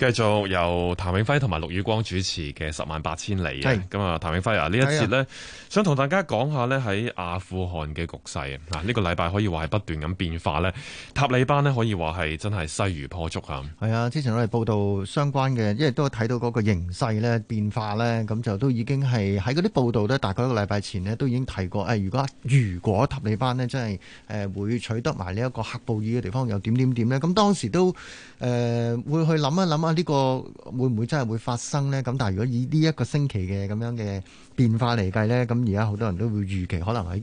繼續由譚永輝同埋陸宇光主持嘅《十萬八千里》。咁啊，譚永輝啊，呢一節呢，啊、想同大家講下呢，喺阿富汗嘅局勢嗱，呢個禮拜可以話係不斷咁變化呢，塔利班呢，可以話係真係勢如破竹啊，係啊，之前我哋報道相關嘅，因為都睇到嗰個形勢咧變化呢，咁就都已經係喺嗰啲報道呢，大概一個禮拜前呢，都已經提過，誒，如果如果塔利班呢，真係誒會取得埋呢一個喀布爾嘅地方，又點點點呢。咁當時都誒、呃、會去諗一諗呢、這個會唔會真係會發生呢？咁但係如果以呢一個星期嘅咁樣嘅變化嚟計呢，咁而家好多人都會預期，可能喺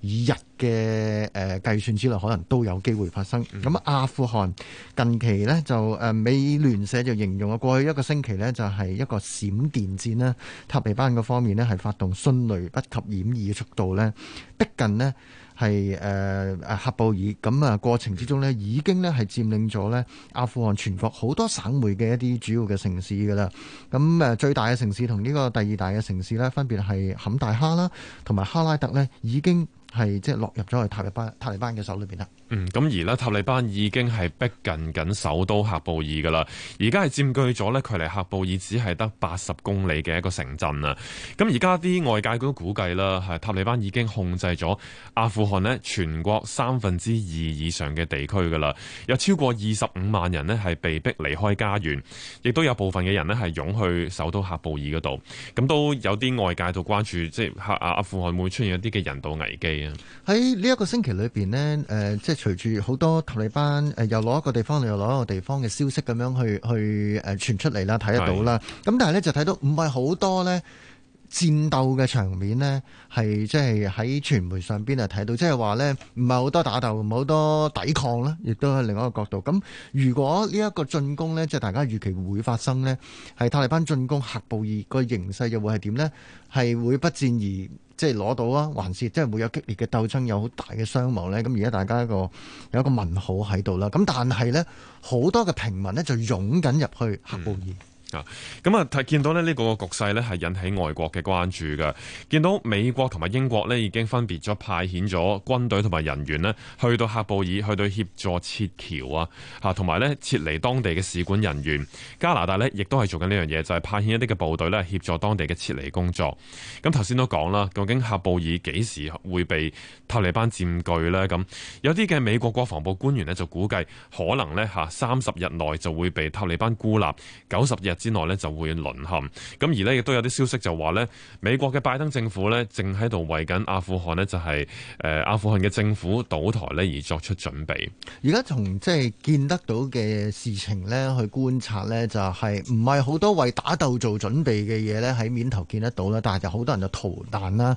以日嘅誒計算之內，可能都有機會發生。咁、嗯嗯、阿富汗近期呢，就誒美聯社就形容啊，過去一個星期呢，就係一個閃電戰啦，塔利班個方面呢，係發動迅雷不及掩耳嘅速度呢，逼近呢。係誒誒，喀、呃、布爾咁啊，過程之中咧，已經咧係佔領咗咧阿富汗全國好多省會嘅一啲主要嘅城市㗎啦。咁誒，最大嘅城市同呢個第二大嘅城市呢，分別係坎大哈啦，同埋哈拉特呢已經。係即係落入咗去塔利班塔利班嘅手裏邊啦。嗯，咁而呢，塔利班已經係逼近緊首都喀布爾噶啦。而家係佔據咗呢距離喀布爾只係得八十公里嘅一個城鎮啊。咁而家啲外界都估計啦，係塔利班已經控制咗阿富汗呢全國三分之二以上嘅地區噶啦。有超過二十五萬人呢係被逼離開家園，亦都有部分嘅人呢係湧去首都喀布爾嗰度。咁都有啲外界就關注，即係阿阿富汗會出現一啲嘅人道危機。喺呢一個星期裏邊呢，誒、呃，即係隨住好多塔利班誒，又攞一個地方，又攞一個地方嘅消息咁樣去去誒傳出嚟啦，睇得到啦。咁但係咧就睇到唔係好多呢戰鬥嘅場面呢，係即係喺傳媒上邊啊睇到，即係話呢，唔係好多打鬥，唔係好多抵抗啦，亦都係另一個角度。咁如果呢一個進攻呢，即係大家預期會發生呢，係塔利班進攻喀布爾個形勢又會係點呢？係會不戰而？即係攞到啊，還是即係會有激烈嘅鬥爭，有好大嘅傷亡咧？咁而家大家一個有一個問號喺度啦。咁但係咧，好多嘅平民咧就湧緊入去喀布爾。嗯啊、嗯，咁啊睇見到呢呢個局勢呢係引起外國嘅關注嘅。見到美國同埋英國呢已經分別咗派遣咗軍隊同埋人員呢去到喀布爾去到協助撤僑啊，吓同埋呢撤離當地嘅使館人員。加拿大呢亦都係做緊呢樣嘢，就係、是、派遣一啲嘅部隊呢協助當地嘅撤離工作。咁頭先都講啦，究竟喀布爾幾時會被塔利班佔據呢？咁有啲嘅美國國防部官員呢，就估計可能呢，吓三十日內就會被塔利班孤立，九十日。之內呢就會淪陷，咁而呢亦都有啲消息就話呢美國嘅拜登政府呢，正喺度為緊阿富汗呢，就係誒阿富汗嘅政府倒台呢，而作出準備。而家從即係見得到嘅事情呢，去觀察呢，就係唔係好多為打鬥做準備嘅嘢呢？喺面頭見得到啦。但係就好多人就逃難啦，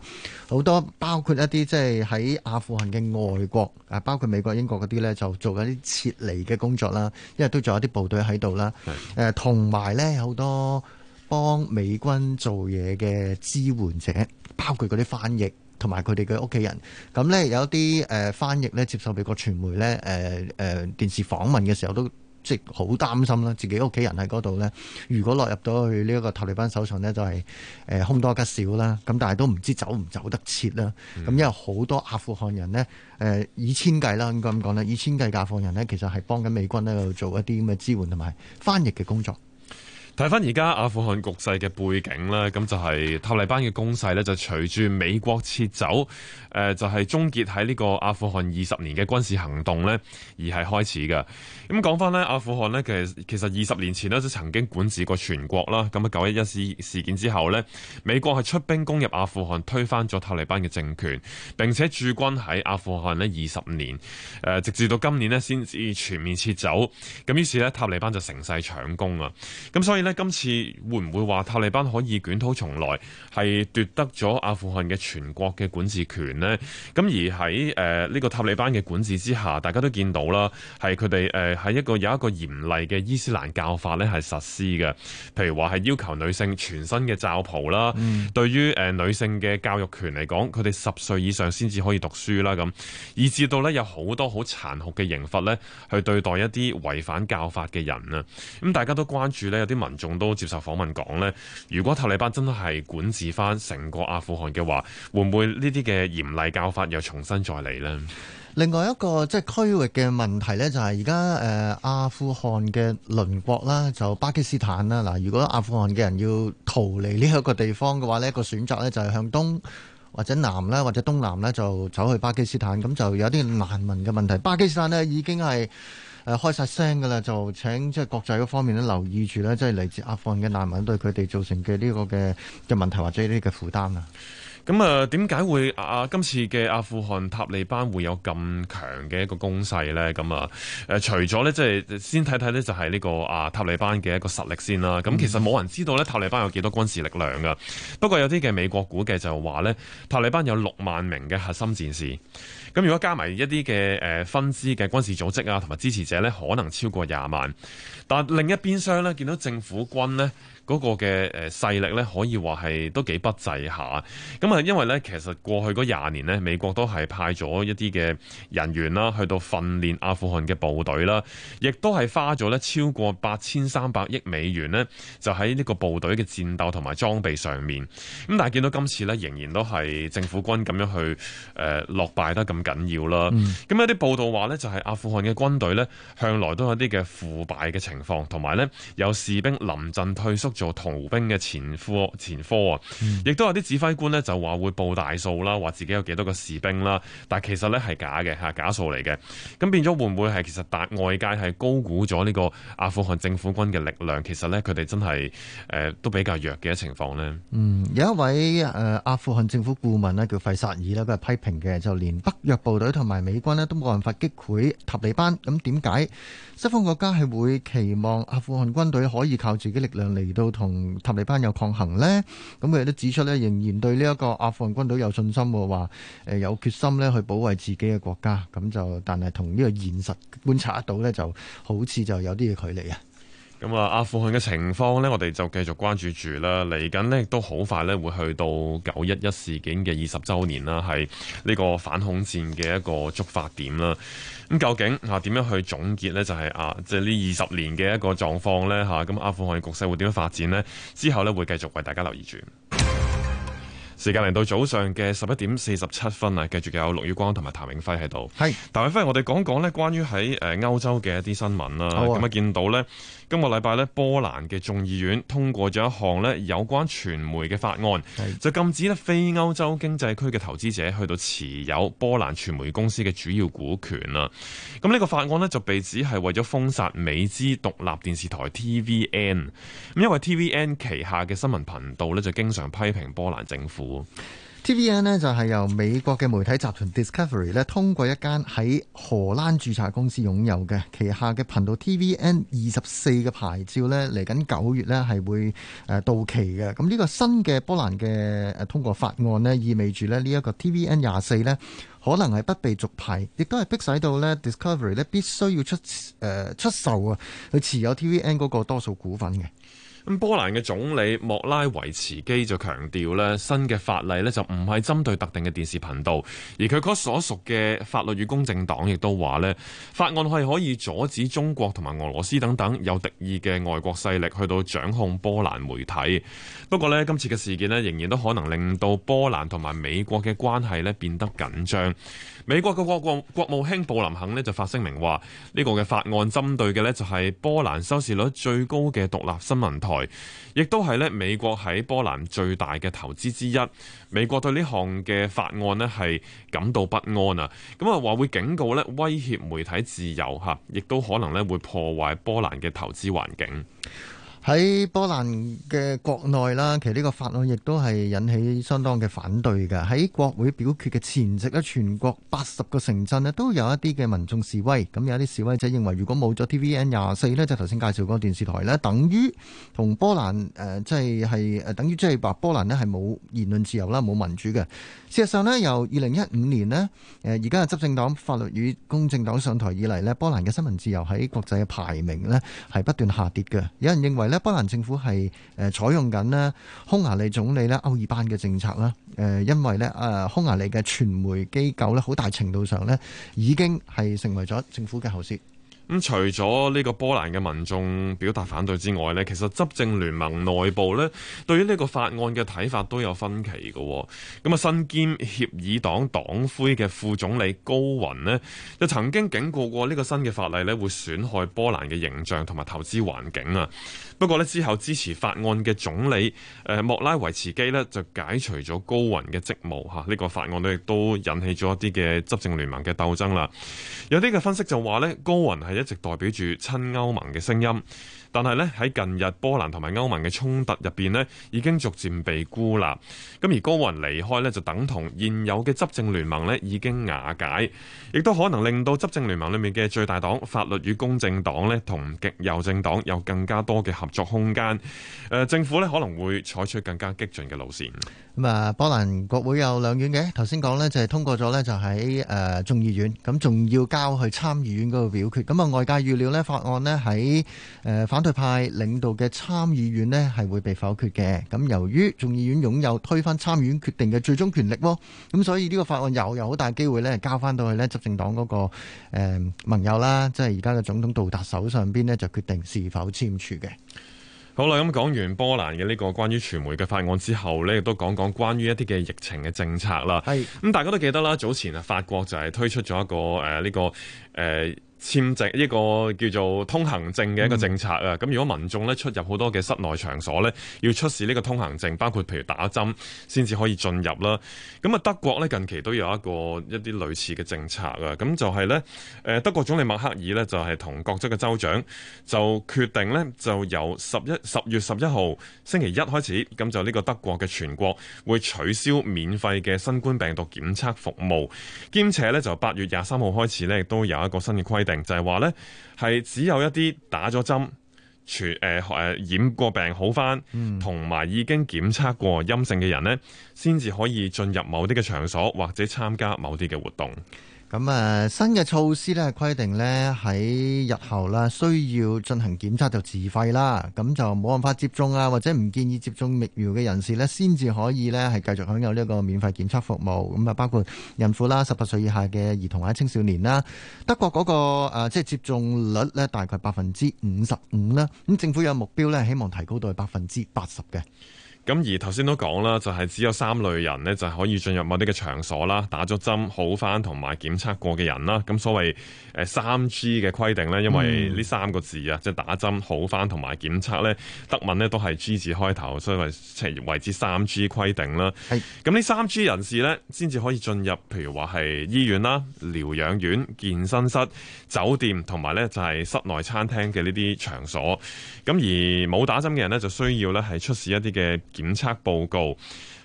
好多包括一啲即係喺阿富汗嘅外國啊，包括美國、英國嗰啲呢，就做緊啲撤離嘅工作啦。因為都仲有啲部隊喺度啦，誒同埋呢。好多幫美軍做嘢嘅支援者，包括嗰啲翻譯同埋佢哋嘅屋企人。咁、呃、呢，有啲誒翻譯接受美國傳媒呢，誒、呃、誒、呃、電視訪問嘅時候，都即係好擔心啦。自己屋企人喺嗰度呢，如果落入到去呢一個塔利班手上呢，就係誒凶多吉少啦。咁但係都唔知走唔走得切啦。咁、嗯、因為好多阿富汗人呢，誒以千計啦，應該咁講啦，以千計嘅阿富汗人呢，其實係幫緊美軍呢度做一啲咁嘅支援同埋翻譯嘅工作。睇翻而家阿富汗局勢嘅背景啦，咁就係塔利班嘅攻勢呢，就隨住美國撤走，誒，就係終結喺呢個阿富汗二十年嘅軍事行動呢，而係開始㗎。咁講翻呢，阿富汗呢，其實其實二十年前呢，就曾經管治過全國啦。咁啊，九一一事事件之後呢，美國係出兵攻入阿富汗，推翻咗塔利班嘅政權，並且駐軍喺阿富汗呢二十年，誒，直至到今年呢，先至全面撤走。咁於是呢，塔利班就成勢搶攻啊。咁所以呢。今次會唔會話塔利班可以捲土重來，係奪得咗阿富汗嘅全國嘅管治權咧？咁而喺誒呢個塔利班嘅管治之下，大家都見到啦，係佢哋誒喺一個有一個嚴厲嘅伊斯蘭教法咧係實施嘅。譬如話，係要求女性全身嘅罩袍啦、嗯，對於誒、呃、女性嘅教育權嚟講，佢哋十歲以上先至可以讀書啦咁，以至到咧有好多好殘酷嘅刑罰咧去對待一啲違反教法嘅人啊！咁大家都關注咧有啲民總都接受訪問講咧，如果塔利班真係管治翻成個阿富汗嘅話，會唔會呢啲嘅嚴厲教法又重新再嚟呢？另外一個即係、就是、區域嘅問題呢，就係而家誒阿富汗嘅鄰國啦，就巴基斯坦啦。嗱，如果阿富汗嘅人要逃離呢一個地方嘅話呢一、呢個選擇咧就係向東或者南啦，或者東南呢，就走去巴基斯坦，咁就有啲難民嘅問題。巴基斯坦呢，已經係。誒、呃、開晒聲㗎啦，就請即係國際嗰方面咧留意住咧，即係嚟自阿富汗嘅難民對佢哋造成嘅呢個嘅嘅問題或者呢個負擔啊。咁啊，點解會啊今次嘅阿富汗塔利班會有咁強嘅一個攻勢呢？咁啊，誒除咗呢，即係先睇睇呢，就係呢個啊塔利班嘅一個實力先啦。咁其實冇人知道呢塔利班有幾多軍事力量噶。不過有啲嘅美國估計就話呢塔利班有六萬名嘅核心戰士。咁如果加埋一啲嘅誒分支嘅軍事組織啊，同埋支持者呢，可能超過廿萬。但另一邊廂呢，見到政府軍呢嗰個嘅誒勢力呢，可以話係都幾不濟下。咁因為咧，其實過去嗰廿年呢，美國都係派咗一啲嘅人員啦，去到訓練阿富汗嘅部隊啦，亦都係花咗咧超過八千三百億美元呢，就喺呢個部隊嘅戰鬥同埋裝備上面。咁但係見到今次呢，仍然都係政府軍咁樣去誒、呃、落敗得咁緊要啦。咁有啲報道話呢，就係、是、阿富汗嘅軍隊呢，向來都有啲嘅腐敗嘅情況，同埋呢有士兵臨陣退縮做逃兵嘅前,前科前科啊，亦、嗯、都有啲指揮官呢就。話會報大數啦，話自己有幾多個士兵啦，但其實呢係假嘅吓，是假數嚟嘅。咁變咗會唔會係其實大外界係高估咗呢個阿富汗政府軍嘅力量？其實呢，佢哋真係誒都比較弱嘅情況呢。嗯，有一位誒、呃、阿富汗政府顧問呢，叫費薩爾，呢佢係批評嘅，就連北約部隊同埋美軍呢都冇辦法擊潰塔利班。咁點解西方國家係會期望阿富汗軍隊可以靠自己力量嚟到同塔利班有抗衡呢？咁佢哋都指出呢，仍然對呢、這、一個。哦、阿富汗軍隊有信心話，誒有決心咧去保衛自己嘅國家，咁就但係同呢個現實觀察到咧，就好似就有啲嘅距離啊。咁、嗯、啊，阿富汗嘅情況咧，我哋就繼續關注住啦。嚟緊呢，亦都好快咧會去到九一一事件嘅二十周年啦，係呢個反恐戰嘅一個觸發點啦。咁、嗯、究竟吓點、啊、樣去總結咧？就係、是、啊，即係呢二十年嘅一個狀況咧吓。咁、啊嗯、阿富汗嘅局勢會點樣發展呢？之後咧會繼續為大家留意住。時間嚟到早上嘅十一點四十七分啊！繼續有陸宇光同埋譚永輝喺度。係，譚永輝，我哋講講呢，關於喺誒歐洲嘅一啲新聞啦。咁啊，見到呢，今個禮拜呢，波蘭嘅眾議院通過咗一項呢有關傳媒嘅法案，就禁止呢非歐洲經濟區嘅投資者去到持有波蘭傳媒公司嘅主要股權啦。咁呢個法案呢，就被指係為咗封殺美資獨立電視台 TVN。咁因為 TVN 旗下嘅新聞頻道呢，就經常批評波蘭政府。TVN 呢就係由美國嘅媒體集團 Discovery 咧，通過一間喺荷蘭註冊公司擁有嘅旗下嘅頻道 TVN 二十四嘅牌照咧，嚟緊九月咧係會誒到期嘅。咁呢個新嘅波蘭嘅誒通過法案呢，意味住咧，呢一個 TVN 廿四咧可能係不被續牌，亦都係迫使到咧 Discovery 咧必須要出誒、呃、出售啊佢持有 TVN 嗰個多數股份嘅。咁波蘭嘅總理莫拉維茨基就強調咧，新嘅法例咧就唔係針對特定嘅電視頻道，而佢所屬嘅法律與公正黨亦都話咧，法案係可以阻止中國同埋俄羅斯等等有敵意嘅外國勢力去到掌控波蘭媒體。不過咧，今次嘅事件咧，仍然都可能令到波蘭同埋美國嘅關係咧變得緊張。美國嘅國國國務卿布林肯咧就發聲明話，呢個嘅法案針對嘅咧就係波蘭收視率最高嘅獨立新聞台。亦都係咧，美國喺波蘭最大嘅投資之一。美國對呢項嘅法案咧係感到不安啊，咁啊話會警告咧，威脅媒體自由吓，亦都可能咧會破壞波蘭嘅投資環境。喺波蘭嘅國內啦，其實呢個法案亦都係引起相當嘅反對嘅。喺國會表決嘅前夕咧，全國八十個城鎮呢，都有一啲嘅民眾示威。咁有啲示威者認為，如果冇咗 TVN 廿四呢，就係頭先介紹嗰個電視台呢，等於同波蘭誒即係係誒等於即係話波蘭呢係冇言論自由啦，冇民主嘅。事實上呢，由二零一五年呢，誒而家嘅執政黨法律與公正黨上台以嚟呢，波蘭嘅新聞自由喺國際嘅排名呢係不斷下跌嘅。有人認為。咧，波蘭政府係誒採用緊咧，匈牙利總理咧歐爾班嘅政策啦。誒，因為咧誒，匈牙利嘅傳媒機構咧，好大程度上咧，已經係成為咗政府嘅喉舌。咁除咗呢個波蘭嘅民眾表達反對之外咧，其實執政聯盟內部咧對於呢個法案嘅睇法都有分歧嘅。咁啊，身兼協議黨黨魁嘅副總理高雲呢，就曾經警告過呢個新嘅法例咧會損害波蘭嘅形象同埋投資環境啊。不過咧，之後支持法案嘅總理莫拉維茨基呢，就解除咗高雲嘅職務嚇。呢個法案咧亦都引起咗一啲嘅執政聯盟嘅鬥爭啦。有啲嘅分析就話呢高雲係。係一直代表住親歐盟嘅聲音。但係呢喺近日波蘭同埋歐盟嘅衝突入邊呢，已經逐漸被孤立。咁而高雲離開呢，就等同現有嘅執政聯盟呢已經瓦解，亦都可能令到執政聯盟裏面嘅最大黨法律與公正黨呢，同極右政黨有更加多嘅合作空間。誒，政府呢可能會採取更加激進嘅路線。咁啊，波蘭國會有兩院嘅，頭先講呢就係通過咗呢，就喺誒眾議院，咁仲要交去參議院嗰度表決。咁啊，外界預料呢法案呢喺誒反反對派領導嘅參議院呢係會被否決嘅，咁由於眾議院擁有推翻參議院決定嘅最終權力，咁所以呢個法案又有好大機會呢交翻到去呢執政黨嗰、嗰個誒、呃、盟友啦，即係而家嘅總統杜達手上邊呢就決定是否簽署嘅。好啦，咁講完波蘭嘅呢個關於傳媒嘅法案之後呢，亦都講講關於一啲嘅疫情嘅政策啦。係咁、嗯，大家都記得啦，早前啊，法國就係推出咗一個誒呢、呃這個誒。呃簽證呢個叫做通行證嘅一個政策啊，咁、嗯、如果民眾呢出入好多嘅室內場所呢，要出示呢個通行證，包括譬如打針先至可以進入啦。咁啊，德國呢近期都有一個一啲類似嘅政策啊，咁就係呢，誒德國總理默克爾呢就係同各州嘅州長就決定呢，就由十一十月十一號星期一開始，咁就呢個德國嘅全國會取消免費嘅新冠病毒檢測服務，兼且呢，就八月廿三號開始呢，亦都有一個新嘅規定。就係話咧，係只有一啲打咗針、除誒誒染過病好返，同埋已經檢測過陰性嘅人咧，先至可以進入某啲嘅場所或者參加某啲嘅活動。咁啊，新嘅措施咧，規定咧喺日後啦，需要進行檢測就自費啦。咁就冇辦法接種啊，或者唔建議接種疫苗嘅人士呢，先至可以呢係繼續享有呢個免費檢測服務。咁啊，包括孕婦啦、十八歲以下嘅兒童或者青少年啦，德國嗰個誒，即係接種率呢大概百分之五十五啦。咁政府有目標呢，希望提高到係百分之八十嘅。咁而頭先都講啦，就係、是、只有三類人呢，就可以進入某啲嘅場所啦，打咗針好翻同埋檢測過嘅人啦。咁所謂三 G 嘅規定呢，因為呢三個字啊、嗯，即係打針好翻同埋檢測呢，德文呢都係 G 字開頭，所以為，為之三 G 規定啦。咁呢三 G 人士呢，先至可以進入，譬如話係醫院啦、療養院、健身室、酒店同埋呢就係室內餐廳嘅呢啲場所。咁而冇打針嘅人呢，就需要呢係出示一啲嘅。檢測報告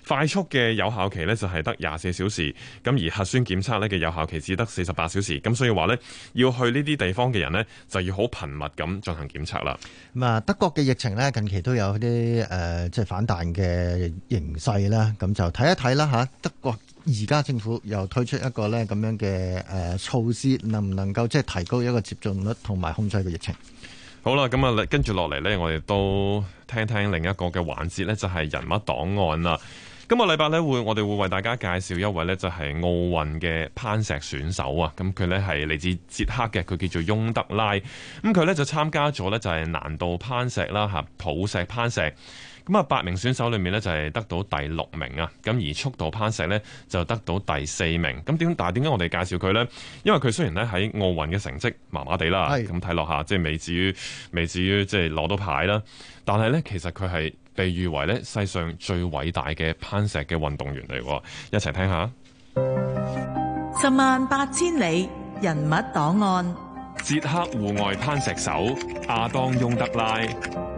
快速嘅有效期呢，就係得廿四小時，咁而核酸檢測呢嘅有效期只得四十八小時，咁所以話呢，要去呢啲地方嘅人呢，就要好頻密咁進行檢測啦。咁啊，德國嘅疫情呢，近期都有啲誒即係反彈嘅形勢啦，咁就睇一睇啦嚇。德國而家政府又推出一個呢咁樣嘅誒措施，能唔能夠即係提高一個接種率同埋控制個疫情？好啦，咁啊，跟住落嚟呢，我哋都聽聽另一個嘅環節呢就係人物檔案啦。今個禮拜呢會，我哋會為大家介紹一位呢就係奧運嘅攀石選手啊。咁佢呢係嚟自捷克嘅，佢叫做翁德拉。咁佢呢就參加咗呢就係難度攀石啦，吓土石攀石。咁啊，八名選手裏面咧就係得到第六名啊，咁而速度攀石咧就得到第四名。咁點但係點解我哋介紹佢咧？因為佢雖然咧喺奧運嘅成績麻麻地啦，咁睇落下即係未至於未至於即係攞到牌啦，但係咧其實佢係被譽為咧世上最偉大嘅攀石嘅運動員嚟。一齊聽下，十萬八千里人物檔案，捷克戶外攀石手亞當翁德拉。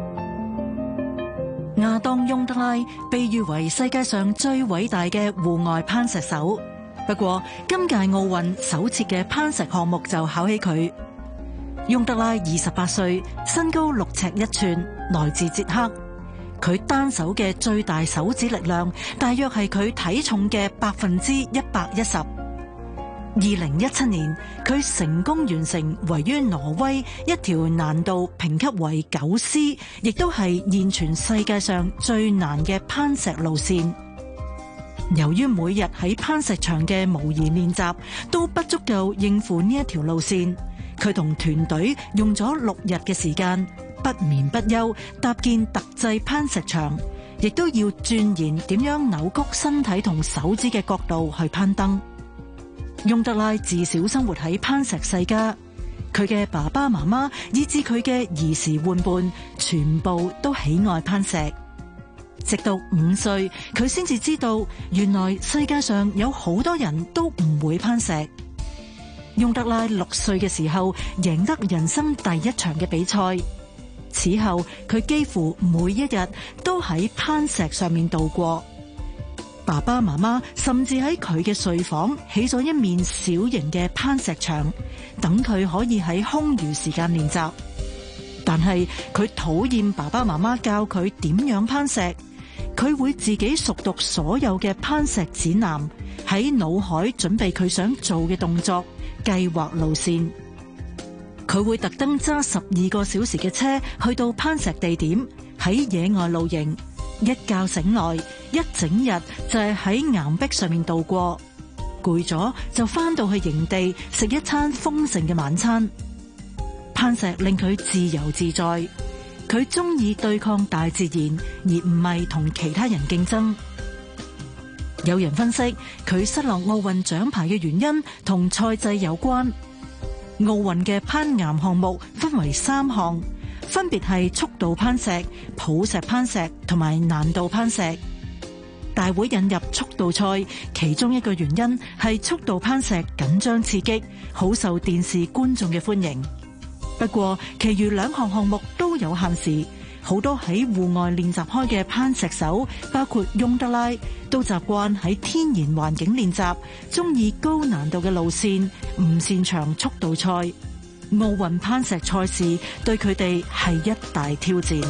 亞當·翁德拉被譽為世界上最偉大嘅戶外攀石手，不過今屆奧運首次嘅攀石項目就考起佢。翁德拉二十八歲，身高六尺一寸，來自捷克。佢單手嘅最大手指力量大約係佢體重嘅百分之一百一十。二零一七年，佢成功完成位於挪威一條難度評級為九 C，亦都係現存世界上最難嘅攀石路線。由於每日喺攀石場嘅模擬練習都不足夠應付呢一條路線，佢同團隊用咗六日嘅時間，不眠不休搭建特製攀石場，亦都要鑽研點樣扭曲身體同手指嘅角度去攀登。翁德拉自小生活喺攀石世家，佢嘅爸爸媽媽以至佢嘅兒時玩伴，全部都喜愛攀石。直到五歲，佢先至知道原來世界上有好多人都唔會攀石。翁德拉六歲嘅時候贏得人生第一場嘅比賽，此後佢幾乎每一日都喺攀石上面度過。爸爸媽媽甚至喺佢嘅睡房起咗一面小型嘅攀石牆，等佢可以喺空餘時間練習。但係佢討厭爸爸媽媽教佢點樣攀石，佢會自己熟讀所有嘅攀石指南，喺腦海準備佢想做嘅動作，計劃路線。佢會特登揸十二個小時嘅車去到攀石地點，喺野外露營。一覺醒來，一整日就係喺岩壁上面度過，攰咗就翻到去營地食一餐豐盛嘅晚餐。攀石令佢自由自在，佢中意對抗大自然，而唔係同其他人競爭。有人分析佢失落奧運獎牌嘅原因同賽制有關。奧運嘅攀岩項目分為三項。分別係速度攀石、普石攀石同埋難度攀石。大會引入速度賽，其中一個原因係速度攀石緊張刺激，好受電視觀眾嘅歡迎。不過，其餘兩項項目都有限時。好多喺戶外練習開嘅攀石手，包括翁德拉，都習慣喺天然環境練習，中意高難度嘅路線，唔擅長速度賽。奧運攀石賽事對佢哋係一大挑戰。